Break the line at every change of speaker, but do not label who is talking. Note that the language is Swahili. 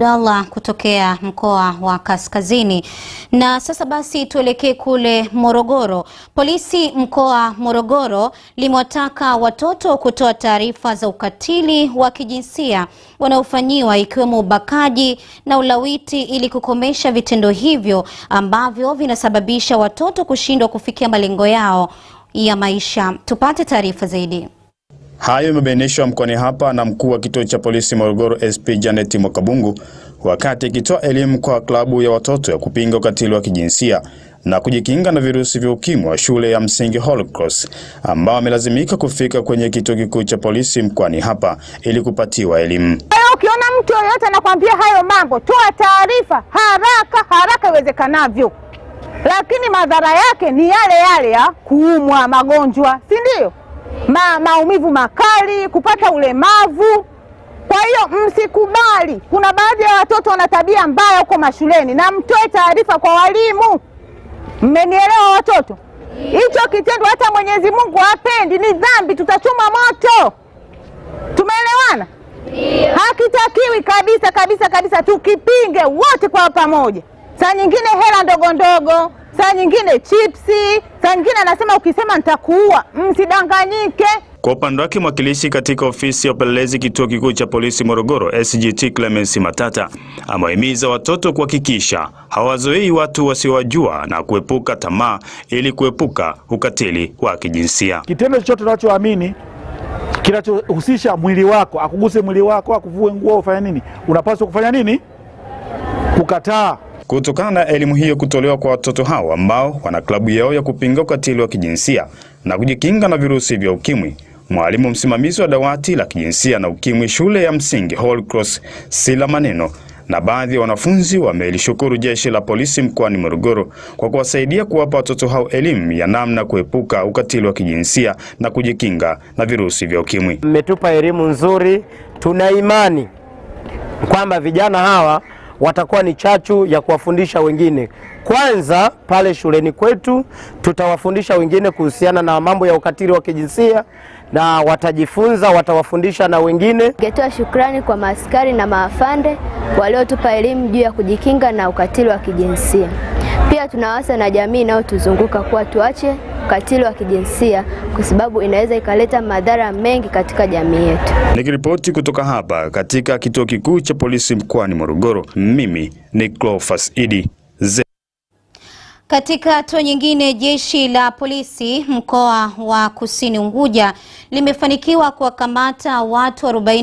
Abdallah kutokea mkoa wa Kaskazini. Na sasa basi tuelekee kule Morogoro. Polisi mkoa Morogoro limewataka watoto kutoa taarifa za ukatili wa kijinsia wanaofanyiwa ikiwemo ubakaji na ulawiti ili kukomesha vitendo hivyo ambavyo vinasababisha watoto kushindwa kufikia malengo yao ya maisha. Tupate taarifa zaidi.
Hayo imebainishwa mkoani hapa na mkuu wa kituo cha polisi Morogoro SP Janet Mwakabungu wakati akitoa elimu kwa klabu ya watoto ya kupinga ukatili wa kijinsia na kujikinga na virusi vya ukimwi wa shule ya msingi Holycross ambao amelazimika kufika kwenye kituo kikuu cha polisi mkoani hapa ili kupatiwa elimu.
Ukiona mtu yoyote anakwambia hayo mambo, toa taarifa haraka haraka iwezekanavyo, lakini madhara yake ni yale yale ya kuumwa magonjwa, si ndio? ma, maumivu makali, kupata ulemavu. Kwa hiyo msikubali. Kuna baadhi ya watoto wana tabia mbaya huko mashuleni, na mtoe taarifa kwa walimu. Mmenielewa watoto? Hicho kitendo hata Mwenyezi Mungu hapendi, ni dhambi, tutachoma moto. Tumeelewana? Hakitakiwi kabisa kabisa kabisa, tukipinge wote kwa pamoja saa nyingine hela ndogo ndogo, saa nyingine chipsi, saa nyingine anasema ukisema nitakuua. Msidanganyike.
Kwa upande wake mwakilishi katika ofisi ya upelelezi kituo kikuu cha polisi Morogoro SGT Clemens Matata amewahimiza watoto kuhakikisha hawazoei watu wasiowajua na kuepuka tamaa ili kuepuka ukatili wa kijinsia.
Kitendo chochote unachoamini kinachohusisha mwili wako, akuguse mwili wako, akuvue nguo, ufanya nini, unapaswa kufanya nini? Kukataa
kutokana na elimu hiyo kutolewa kwa watoto hao ambao wana klabu yao ya kupinga ukatili wa kijinsia na kujikinga na virusi vya ukimwi. Mwalimu msimamizi wa dawati la kijinsia na ukimwi shule ya msingi Holy Cross Sila Maneno na baadhi ya wanafunzi wamelishukuru Jeshi la Polisi mkoani Morogoro kwa kuwasaidia kuwapa watoto hao elimu ya namna kuepuka ukatili wa kijinsia na kujikinga na virusi vya ukimwi.
Mmetupa elimu nzuri, tuna imani kwamba vijana hawa watakuwa ni chachu ya kuwafundisha wengine. Kwanza pale shuleni kwetu tutawafundisha wengine kuhusiana na mambo ya ukatili wa kijinsia na watajifunza, watawafundisha na wengine.
ngetoa shukrani kwa maaskari na maafande waliotupa elimu juu ya kujikinga na ukatili wa kijinsia. Pia tunawasa na jamii inayotuzunguka kuwa tuache ukatili wa kijinsia kwa sababu inaweza ikaleta madhara mengi katika jamii yetu.
Nikiripoti kutoka hapa katika kituo kikuu cha polisi mkoani Morogoro, mimi ni Clofas Idi.
Katika hatua nyingine, jeshi la polisi mkoa wa Kusini Unguja limefanikiwa kuwakamata watu 40